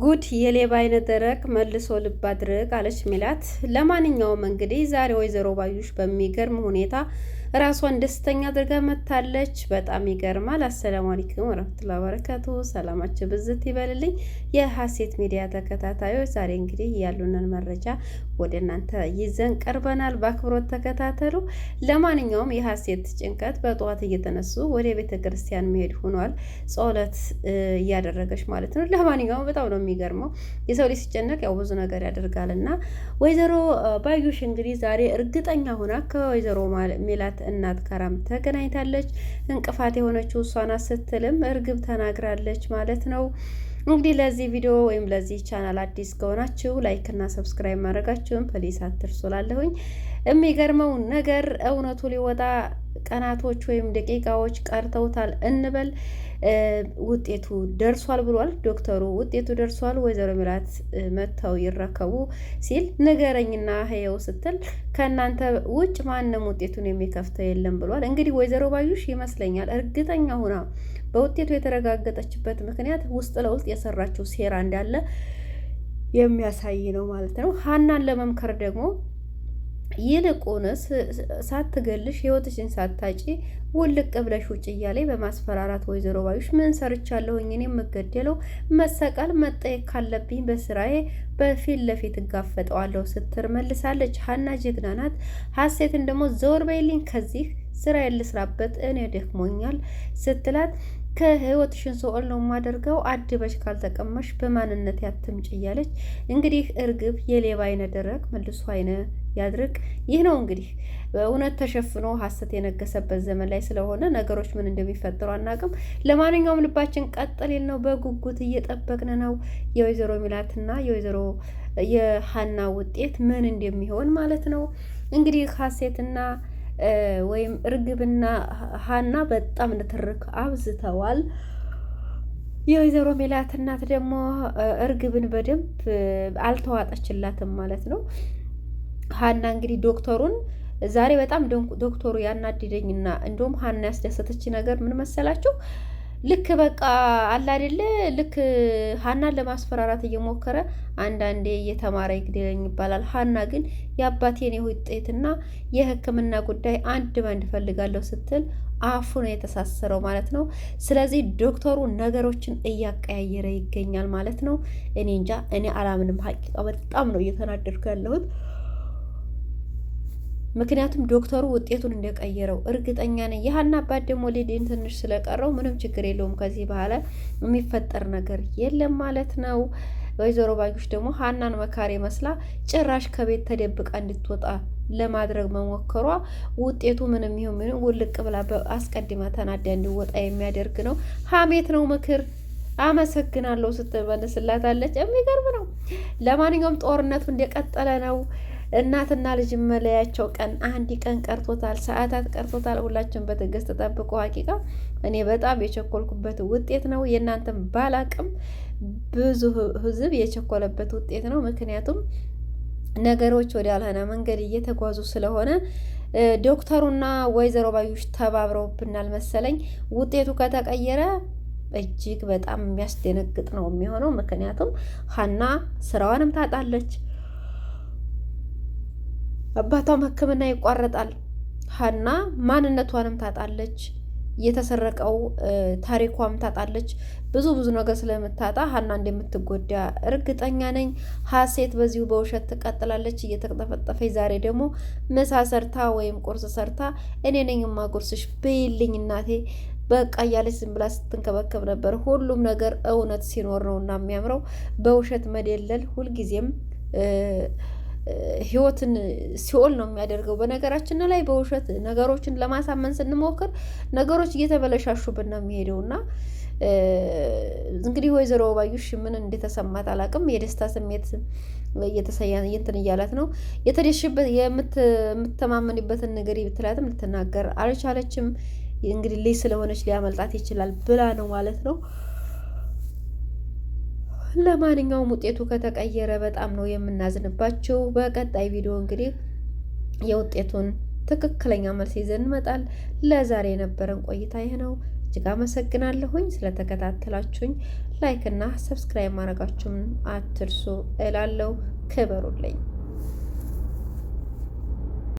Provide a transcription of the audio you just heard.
ጉድ የሌባ አይነ ደረቅ መልሶ ልብ አድርግ አለች ሚላት። ለማንኛውም እንግዲህ ዛሬ ወይዘሮ ባዩሽ በሚገርም ሁኔታ ራሷን ደስተኛ አድርጋ መታለች። በጣም ይገርማል። አሰላሙ አለይኩም ወረህመቱላሂ ወበረካቱ። ሰላማችሁ ብዝት ይበልልኝ የሀሴት ሚዲያ ተከታታዮች፣ ዛሬ እንግዲህ ያሉንን መረጃ ወደ እናንተ ይዘን ቀርበናል። በአክብሮት ተከታተሉ። ለማንኛውም የሀሴት ጭንቀት በጠዋት እየተነሱ ወደ ቤተ ክርስቲያን መሄድ ሆኗል። ጸሎት እያደረገች ማለት ነው። ለማንኛውም በጣም ነው የሚገርመው። የሰው ልጅ ሲጨነቅ ያው ብዙ ነገር ያደርጋል እና ወይዘሮ ባዩሽ እንግዲህ ዛሬ እርግጠኛ ሆና ከወይዘሮ ሜላት እናት ጋራም ተገናኝታለች። እንቅፋት የሆነችው እሷና ስትልም እርግብ ተናግራለች ማለት ነው። እንግዲህ ለዚህ ቪዲዮ ወይም ለዚህ ቻናል አዲስ ከሆናችሁ ላይክ እና ሰብስክራይብ ማድረጋችሁን ፕሊስ አትርሱ። ላለሁኝ የሚገርመው ነገር እውነቱ ሊወጣ ቀናቶች ወይም ደቂቃዎች ቀርተውታል እንበል ውጤቱ ደርሷል ብሏል ዶክተሩ። ውጤቱ ደርሷል ወይዘሮ ሚላት መጥተው ይረከቡ ሲል ንገረኝና ህየው ስትል ከእናንተ ውጭ ማንም ውጤቱን የሚከፍተው የለም ብሏል። እንግዲህ ወይዘሮ ባዩሽ ይመስለኛል እርግጠኛ ሁና በውጤቱ የተረጋገጠችበት ምክንያት ውስጥ ለውስጥ የሰራችው ሴራ እንዳለ የሚያሳይ ነው ማለት ነው። ሀናን ለመምከር ደግሞ ይልቁንስ ሳትገልሽ ህይወትሽን ሳታጪ ውልቅ ብለሽ ውጭ እያለ በማስፈራራት ወይዘሮ ባዩሽ ምን ሰርቻለሁኝ እኔ የምገደለው መሰቀል መጠየቅ ካለብኝ በስራዬ በፊት ለፊት እጋፈጠዋለሁ ስትር መልሳለች። ሀና ጀግና ናት። ሀሴትን ደግሞ ዘወር በይልኝ ከዚህ ስራ ልስራበት እኔ ደክሞኛል ስትላት ከህይወትሽን ሰውል ነው የማደርገው አድበሽ ካልተቀመሽ በማንነት ያትምጭ እያለች እንግዲህ እርግብ የሌባ አይነ ደረቅ መልሶ አይነ ያድርግ። ይህ ነው እንግዲህ እውነት ተሸፍኖ ሀሰት የነገሰበት ዘመን ላይ ስለሆነ ነገሮች ምን እንደሚፈጥሩ አናውቅም። ለማንኛውም ልባችን ቀጥል ነው፣ በጉጉት እየጠበቅን ነው የወይዘሮ ሚላትና የወይዘሮ የሀና ውጤት ምን እንደሚሆን ማለት ነው እንግዲህ ሀሴትና ወይም እርግብና ሀና በጣም ንትርክ አብዝተዋል። የወይዘሮ ሜላት እናት ደግሞ እርግብን በደንብ አልተዋጠችላትም ማለት ነው። ሀና እንግዲህ ዶክተሩን ዛሬ በጣም ዶክተሩ ያናድደኝና እንዲሁም ሀና ያስደሰተች ነገር ምን መሰላችሁ? ልክ በቃ አለ አይደለ? ልክ ሀናን ለማስፈራራት እየሞከረ አንዳንዴ እየተማረ ይግደለኝ ይባላል። ሀና ግን የአባቴን የውጤትና የሕክምና ጉዳይ አንድ በአንድ ፈልጋለሁ ስትል አፉ ነው የተሳሰረው ማለት ነው። ስለዚህ ዶክተሩ ነገሮችን እያቀያየረ ይገኛል ማለት ነው። እኔ እንጃ፣ እኔ አላምንም። ሀቂቃ በጣም ነው እየተናደድኩ ያለሁት። ምክንያቱም ዶክተሩ ውጤቱን እንደቀየረው እርግጠኛ ነኝ። የሀና አባት ደግሞ ሊድን ትንሽ ስለቀረው ምንም ችግር የለውም። ከዚህ በኋላ የሚፈጠር ነገር የለም ማለት ነው። ወይዘሮ ባዩሽ ደግሞ ሀናን መካሪ መስላ ጭራሽ ከቤት ተደብቃ እንድትወጣ ለማድረግ መሞከሯ ውጤቱ ምንም ይሁን ምንም ውልቅ ብላ አስቀድማ ተናዳ እንዲወጣ የሚያደርግ ነው። ሀሜት ነው ምክር አመሰግናለሁ ስትመልስላታለች። የሚገርም ነው። ለማንኛውም ጦርነቱ እንደቀጠለ ነው። እናትና ልጅ መለያቸው ቀን አንድ ቀን ቀርቶታል፣ ሰዓታት ቀርቶታል። ሁላችሁም በትዕግስት ጠብቁ። ሀቂቃ እኔ በጣም የቸኮልኩበት ውጤት ነው። የእናንተን ባላቅም ብዙ ህዝብ የቸኮለበት ውጤት ነው። ምክንያቱም ነገሮች ወደ መንገድ እየተጓዙ ስለሆነ ዶክተሩና ወይዘሮ ባዩሽ ተባብረውብናል መሰለኝ። ውጤቱ ከተቀየረ እጅግ በጣም የሚያስደነግጥ ነው የሚሆነው። ምክንያቱም ሀና ስራዋንም ታጣለች። አባቷም ሕክምና ይቋረጣል። ሀና ማንነቷንም ታጣለች። የተሰረቀው ታሪኳም ታጣለች። ብዙ ብዙ ነገር ስለምታጣ ሀና እንደምትጎዳ እርግጠኛ ነኝ። ሀሴት በዚሁ በውሸት ትቀጥላለች እየተጠፈጠፈች፣ ዛሬ ደግሞ ምሳ ሰርታ ወይም ቁርስ ሰርታ እኔ ነኝ የማጎርስሽ ብይልኝ እናቴ በቃ እያለች ዝም ብላ ስትንከበከብ ነበር። ሁሉም ነገር እውነት ሲኖር ነው እና የሚያምረው። በውሸት መደለል ሁልጊዜም ህይወትን ሲኦል ነው የሚያደርገው። በነገራችን ላይ በውሸት ነገሮችን ለማሳመን ስንሞክር ነገሮች እየተበለሻሹብን ነው የሚሄደው እና እንግዲህ ወይዘሮ ባዩሽ ምን እንደተሰማት አላውቅም። የደስታ ስሜት እንትን እያላት ነው የተደሽበት የምትተማመንበትን ነገር ብትላትም ልትናገር አልቻለችም። እንግዲህ ልጅ ስለሆነች ሊያመልጣት ይችላል ብላ ነው ማለት ነው። ለማንኛውም ውጤቱ ከተቀየረ በጣም ነው የምናዝንባችሁ። በቀጣይ ቪዲዮ እንግዲህ የውጤቱን ትክክለኛ መልስ ይዘን እንመጣል። ለዛሬ የነበረን ቆይታ ይህ ነው። እጅግ አመሰግናለሁኝ ስለተከታተላችሁኝ። ላይክ እና ሰብስክራይብ ማድረጋችሁን አትርሱ እላለሁ። ክበሩልኝ።